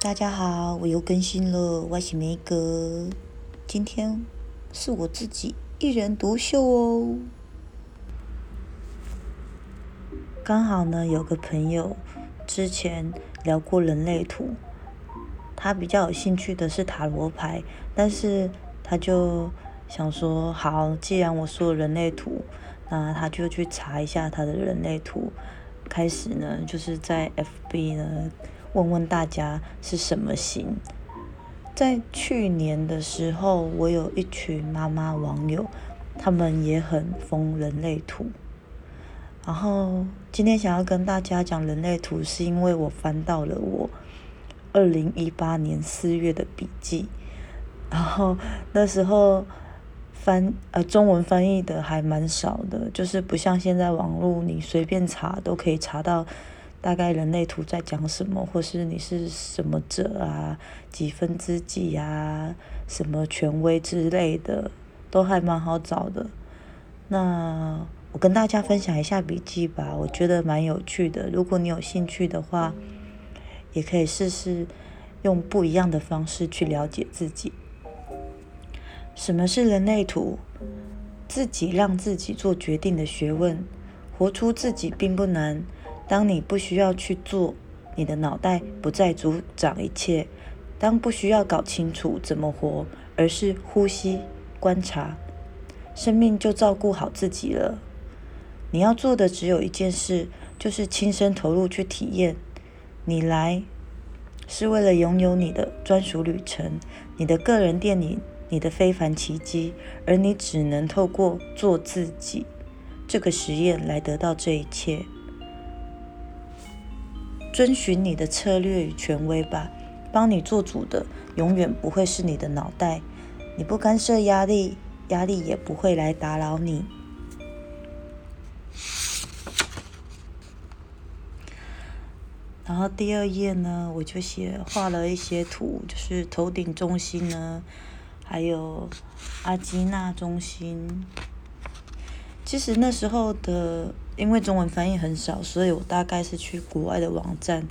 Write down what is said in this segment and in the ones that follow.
大家好，我又更新了，外星梅格。今天是我自己一人獨秀哦。剛好呢，有個朋友之前聊過人類圖，他比較有興趣的是塔羅牌，但是他就想說，好，既然我說人類圖，那他就去查一下他的人類圖。開始呢，就是在 FB 呢。問問大家是什麼型？在去年的時候，我有一群媽媽網友，他們也很瘋人類圖。然後今天想要跟大家講人類圖，是因為我翻到了我二零一八年四月的筆記。然後那時候翻，呃，中文翻譯的還蠻少的，就是不像現在網絡，你隨便查都可以查到。大概人類圖在講什麼，或是你是什麼者啊，幾分之幾啊，什麼權威之類的，都還蠻好找的。那我跟大家分享一下筆記吧，我覺得蠻有趣的。如果你有興趣的話，也可以試試用不一樣的方式去了解自己。什麼是人類圖？自己讓自己做決定的學問，活出自己並不難。當你不需要去做，你的腦袋不再主導一切；當不需要搞清楚怎麼活，而是呼吸、觀察，生命就照顧好自己了。你要做的只有一件事，就是親身投入去體驗。你來是為了擁有你的專屬旅程、你的個人電影、你的非凡奇蹟，而你只能透過做自己這個實驗來得到這一切。遵循你的策略與權威吧，幫你做主的永遠不會是你的腦袋。你不干涉壓力，壓力也不會來打擾你。然後第二頁呢，我就寫畫了一些圖，就是頭頂中心呢，還有阿基納中心。其實那時候的。因為中文翻譯很少，所以我大概是去國外的網站，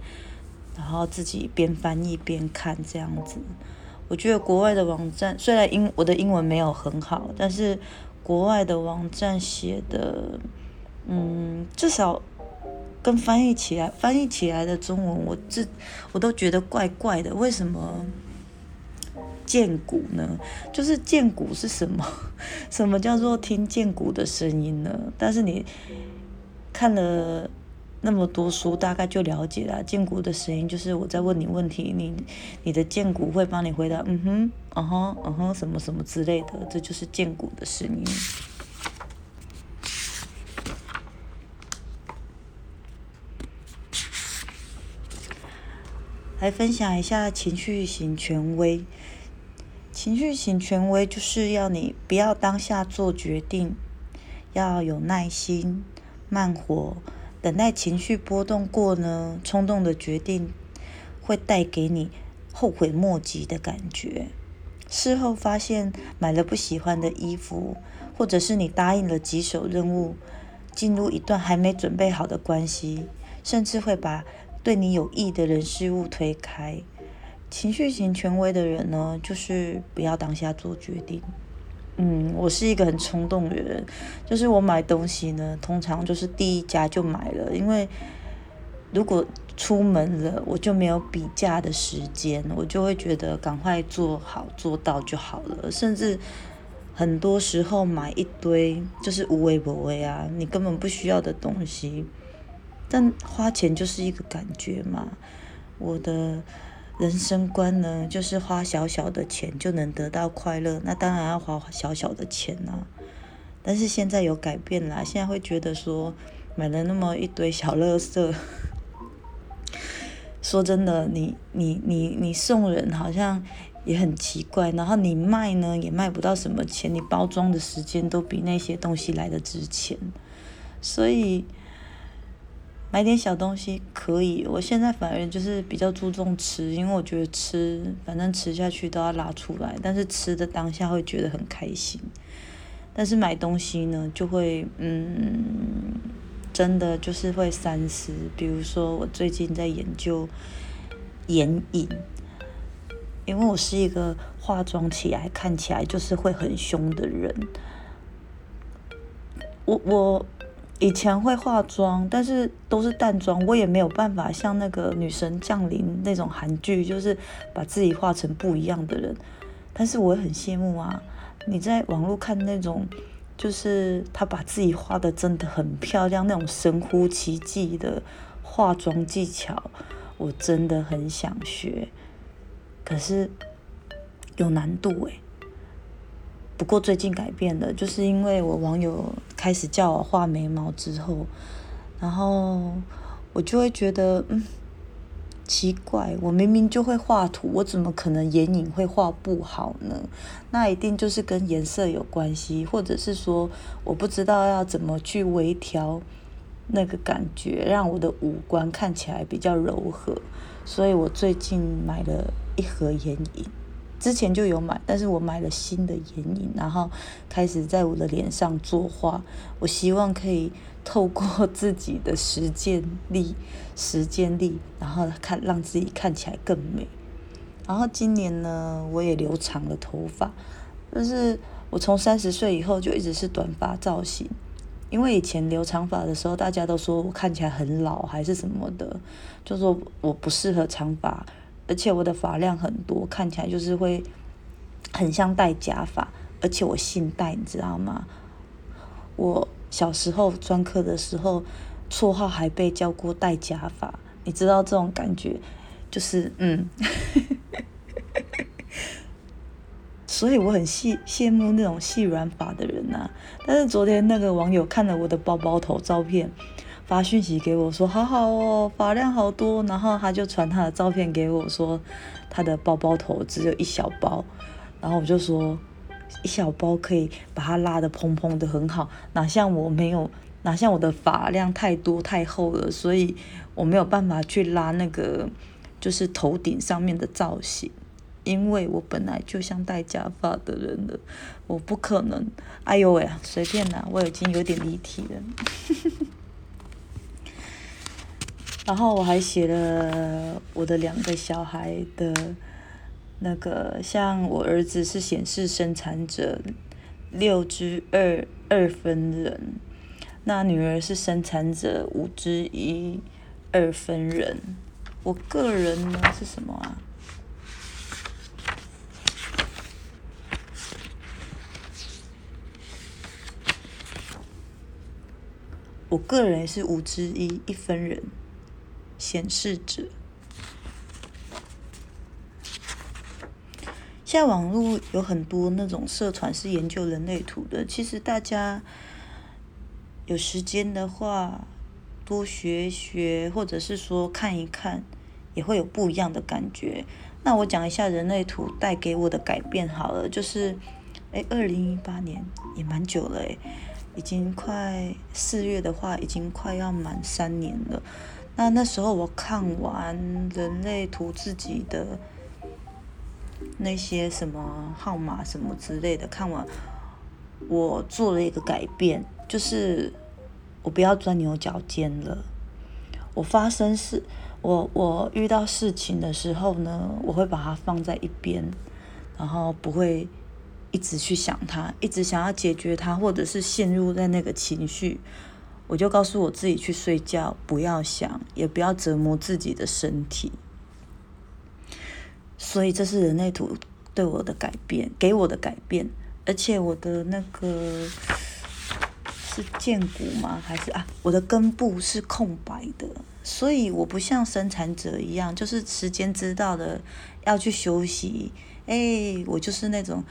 然後自己邊翻譯邊看這樣子。我覺得國外的網站雖然英，我的英文沒有很好，但是國外的網站寫的，嗯，至少跟翻譯起來翻譯起來的中文，我自我都覺得怪怪的。為什麼薦骨呢？就是薦骨是什麼？什麼叫做聽見薦骨的聲音呢？但是你。看了那麼多書，大概就了解了啊。薦骨的聲音就是我在問你問題，你你的薦骨會幫你回答，嗯哼，啊哼，嗯哼，什麼什麼之類的，這就是薦骨的聲音。來分享一下情緒型權威。情緒型權威就是要你不要當下做決定，要有耐心。慢活，等待情緒波動過呢，衝動的決定會帶給你後悔莫及的感覺。事後發現買了不喜歡的衣服，或者是你答應了棘手任務，進入一段還沒準備好的關係，甚至會把對你有益的人事物推開。情緒型權威的人呢，就是不要當下做決定。嗯，我是一個很衝動的人，就是我買東西呢，通常就是第一家就買了，因為如果出門了，我就沒有比價的時間，我就會覺得趕快做好做到就好了，甚至很多時候買一堆就是無微不微啊，你根本不需要的東西，但花錢就是一個感覺嘛，我的。人生觀呢，就是花小小的錢就能得到快樂，那當然要花小小的錢呢、啊、但是現在有改變啦，現在會覺得說，買了那麼一堆小垃圾，說真的，你你你你送人好像也很奇怪，然後你賣呢也賣不到什麼錢，你包裝的時間都比那些東西來得值錢，所以。買點小東西可以，我現在反而就是比較注重吃，因為我覺得吃，反正吃下去都要拉出來，但是吃的當下會覺得很開心。但是買東西呢，就會嗯，真的就是會三思。比如說，我最近在研究眼影，因為我是一個化妝起來看起來就是會很凶的人，我我。以前會化妝，但是都是淡妝，我也沒有辦法像那個女神降臨那種韓劇，就是把自己化成不一樣的人。但是我很羨慕啊，你在網絡看那種，就是她把自己畫得真的很漂亮，那種神乎其技的化妝技巧，我真的很想學，可是有難度誒、欸。不過最近改變了，就是因為我網友開始叫我畫眉毛之後，然後我就會覺得，嗯，奇怪，我明明就會畫圖，我怎麼可能眼影會畫不好呢？那一定就是跟顏色有關係，或者是說我不知道要怎麼去微調那個感覺，讓我的五官看起來比較柔和。所以我最近買了一盒眼影。之前就有買，但是我買了新的眼影，然後開始在我的臉上作畫。我希望可以透過自己的實踐力、實踐力，然後看讓自己看起來更美。然後今年呢，我也留長了頭髮，但是我從三十歲以後就一直是短髮造型，因為以前留長髮的時候，大家都說我看起來很老，還是什麼的，就說我不適合長髮。而且我的髮量很多，看起來就是會很像戴假髮，而且我姓戴，你知道嗎？我小時候專科的時候，綽號還被叫過“戴假髮”，你知道這種感覺？就是嗯， 所以我很羨羨慕那種細軟髮的人吶、啊。但是昨天那個網友看了我的包包頭照片。發訊息給我說，說好好哦，髮量好多。然後他就傳他的照片給我說，說他的包包頭只有一小包。然後我就說，一小包可以把它拉的蓬蓬的很好，哪像我沒有，哪像我的髮量太多太厚了，所以我沒有辦法去拉那個就是頭頂上面的造型，因為我本來就像戴假髮的人的，我不可能。哎呦喂，隨便啦、啊，我已經有點離題了。 然後我還寫了我的兩個小孩的，那個像我兒子是顯示生產者六之二二分人，那女兒是生產者五之一二分人，我個人呢是什麼啊？我個人也是五之一一分人，顯示者。現在網絡有很多那種社團是研究人類圖的，其實大家有時間的話，多學學，或者是說看一看，也會有不一樣的感覺。那我講一下人類圖帶給我的改變好了，就是，哎，欸，二零一八年也蠻久了，欸，已經快四月的話，已經快要滿三年了。那那時候我看完人類圖自己的那些什麼號碼什麼之類的，看完我做了一個改變，就是我不要鑽牛角尖了。我發生事，我我遇到事情的時候呢，我會把它放在一邊，然後不會一直去想它，一直想要解決它，或者是陷入在那個情緒。我就告訴我自己去睡覺，不要想，也不要折磨自己的身體。所以這是人類圖對我的改變，給我的改變。而且我的那個是薦骨嗎？還是啊？我的根部是空白的，所以我不像生產者一樣，就是時間知道的要去休息。誒，我就是那種。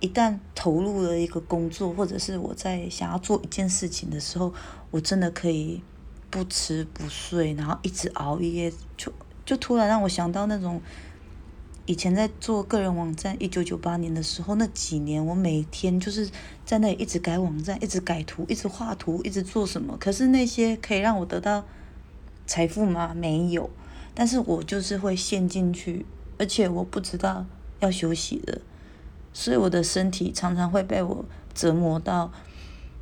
一旦投入了一個工作，或者是我在想要做一件事情的時候，我真的可以不吃不睡，然後一直熬夜，就就突然讓我想到那種以前在做個人網站，一九九八年的時候那幾年，我每天就是在那裡一直改網站，一直改圖，一直畫圖，一直做什麼。可是那些可以讓我得到財富嗎？沒有。但是我就是會陷進去，而且我不知道要休息的。所以我的身體常常會被我折磨到，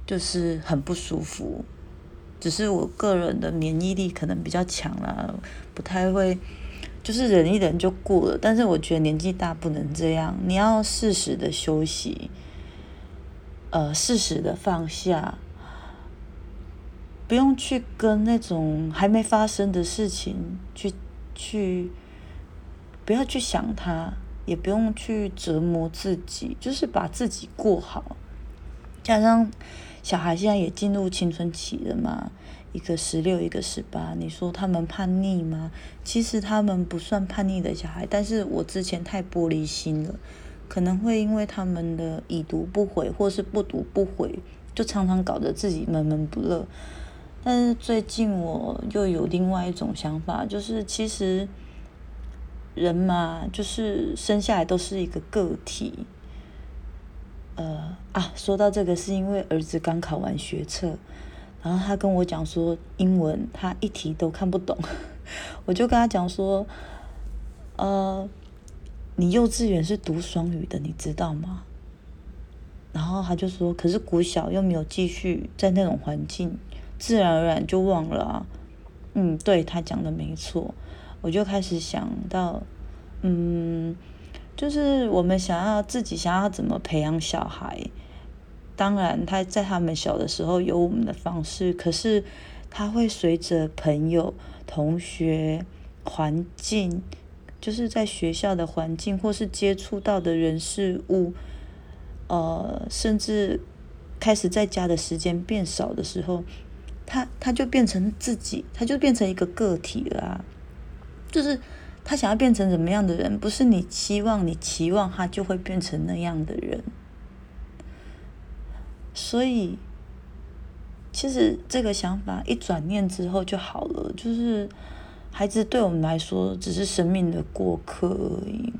就是很不舒服。只是我個人的免疫力可能比較強啦，不太會，就是忍一忍就過了。但是我覺得年紀大不能這樣，你要適時的休息，呃，適時的放下，不用去跟那種還沒發生的事情去去，不要去想它。也不用去折磨自己，就是把自己過好。加上小孩現在也進入青春期了嘛，一個十六，一個十八，你說他們叛逆嗎？其實他們不算叛逆的小孩，但是我之前太玻璃心了，可能會因為他們的已讀不回或是不讀不回，就常常搞得自己悶悶不樂。但是最近我又有另外一種想法，就是其實。人嘛，就是生下來都是一個個體。呃啊，說到這個，是因為兒子剛考完學測，然後他跟我講說，英文他一題都看不懂， 我就跟他講說，呃，你幼稚園是讀雙語的，你知道嗎？然後他就說，可是國小又沒有繼續在那種環境，自然而然就忘了啊。嗯，對，他講的沒錯。我就開始想到，嗯，就是我們想要自己想要怎麼培養小孩。當然他，他在他們小的時候有我們的方式，可是他會隨着朋友、同學、環境，就是在學校的環境或是接觸到的人事物，呃，甚至開始在家的時間變少的時候，他他就變成自己，他就變成一個個體啦、啊。就是他想要變成怎麼樣的人，不是你期望，你期望他就會變成那樣的人。所以，其實這個想法一轉念之後就好了。就是孩子對我們來說只是生命的過客而已。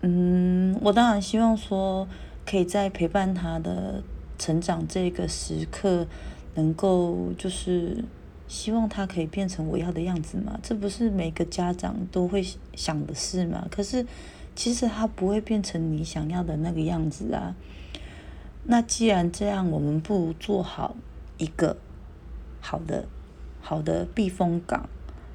嗯，我當然希望說可以在陪伴他的成長這個時刻，能夠就是。希望他可以變成我要的樣子嗎？這不是每個家長都會想的事嗎？可是，其實他不會變成你想要的那個樣子啊。那既然這樣，我們不如做好一個好的、好的避風港，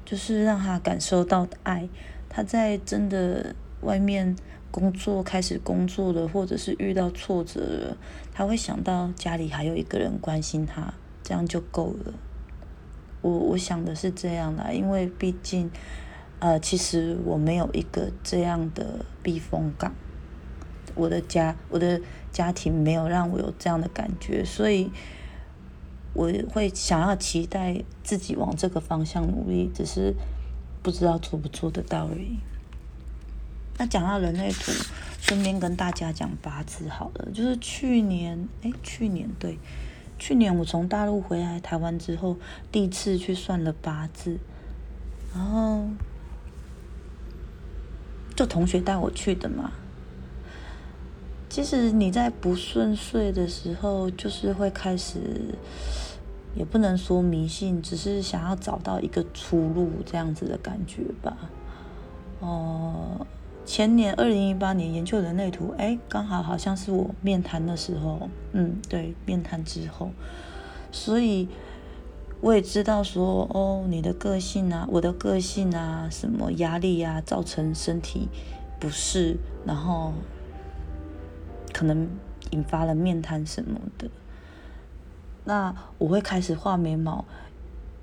就是讓他感受到愛。他在真的外面工作，開始工作了，或者是遇到挫折了，他會想到家裡還有一個人關心他，這樣就夠了。我我想的是這樣的啊，因為畢竟，呃，其實我沒有一個這樣的避風港，我的家，我的家庭沒有讓我有這樣的感覺，所以我會想要期待自己往這個方向努力，只是不知道做不做的到而已。那講到人類圖，順便跟大家講八字好了，就是去年，哎，去年對。去年我從大陸回來台灣之後，第一次去算了八字，然後就同學帶我去的嘛。其實你在不順遂的時候，就是會開始，也不能說迷信，只是想要找到一個出路這樣子的感覺吧。哦、呃。前年，二零一八年研究人類圖，哎，剛好好像是我面癱的時候，嗯，對，面癱之後，所以我也知道說，哦，你的個性啊，我的個性啊，什麼壓力啊，造成身體不適，然後可能引發了面癱什麼的。那我會開始畫眉毛，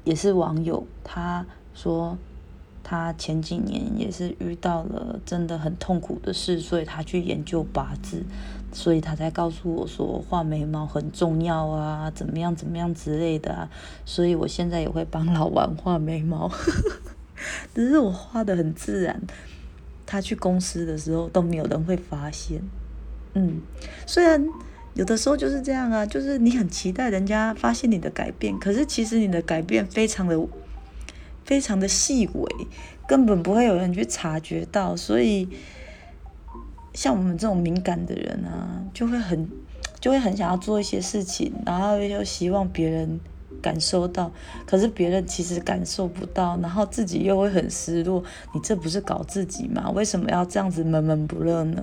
也是網友他說。他前幾年也是遇到了真的很痛苦的事，所以他去研究八字，所以他才告訴我說畫眉毛很重要啊，怎麼樣怎麼樣之類的啊。所以我現在也會幫老王畫眉毛， 只是我畫得很自然，他去公司的時候都沒有人會發現。嗯，雖然有的時候就是這樣啊，就是你很期待人家發現你的改變，可是其實你的改變非常的。非常的細微，根本不會有人去察覺到，所以像我們這種敏感的人啊，就會很、就會很想要做一些事情，然後又希望別人感受到，可是別人其實感受不到，然後自己又會很失落。你這不是搞自己嗎？為什麼要這樣子悶悶不樂呢？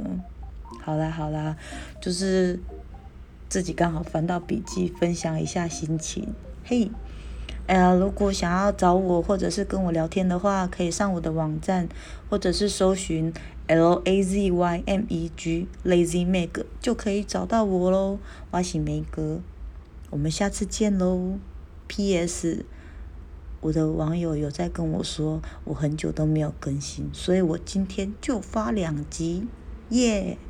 好啦好啦，就是自己剛好翻到筆記，分享一下心情，嘿。呃、哎，如果想要找我或者是跟我聊天的話，可以上我的網站，或者是搜尋 l a z y m e g lazy meg 就可以找到我嘍。我、啊、是梅哥，我們下次見嘍。P.S. 我的網友有在跟我說，我很久都沒有更新，所以我今天就發兩集，耶、yeah!！